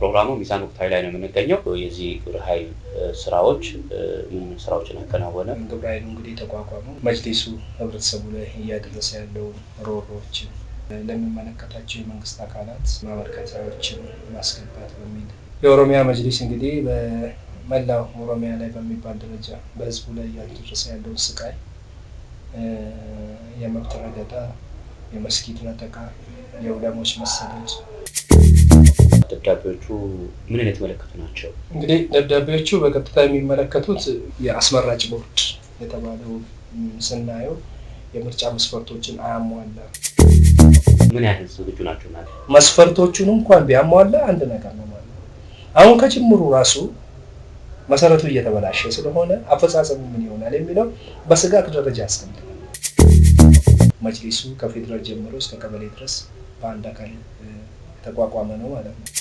ፕሮግራሙ ሚዛን ወቅታዊ ላይ ነው የምንገኘው። የዚህ ግብረ ኃይል ስራዎች ምን ስራዎችን ያከናወነ? ግብረ ኃይሉ እንግዲህ የተቋቋመው መጅሊሱ ህብረተሰቡ ላይ እያደረሰ ያለው ሮሮዎችን ለሚመለከታቸው የመንግስት አካላት ማመልከቻዎችን ማስገባት በሚል የኦሮሚያ መጅሊስ እንግዲህ በመላው ኦሮሚያ ላይ በሚባል ደረጃ በህዝቡ ላይ እያደረሰ ያለውን ስቃይ፣ የመብት ረገጣ፣ የመስጊድ ነጠቃ፣ የውለሞች መሰደድ ደብዳቤዎቹ አይነት መለከቱ ናቸው? እንግዲህ ደብዳቤዎቹ በቀጥታ የሚመለከቱት የአስመራጭ ቦርድ የተባለው ስናየው የምርጫ መስፈርቶችን አያሟላ ምን ያህል ዝግጁ ናቸው? መስፈርቶቹን እንኳን ቢያሟላ አንድ ነገር ነው ማለት ነው። አሁን ከጅምሩ ራሱ መሰረቱ እየተበላሸ ስለሆነ አፈጻጸሙ ምን ይሆናል የሚለው በስጋት ደረጃ ያስቀምጣል። መጅሊሱ ከፌዴራል ጀምሮ እስከ ቀበሌ ድረስ በአንድ አካል የተቋቋመ ነው ማለት ነው።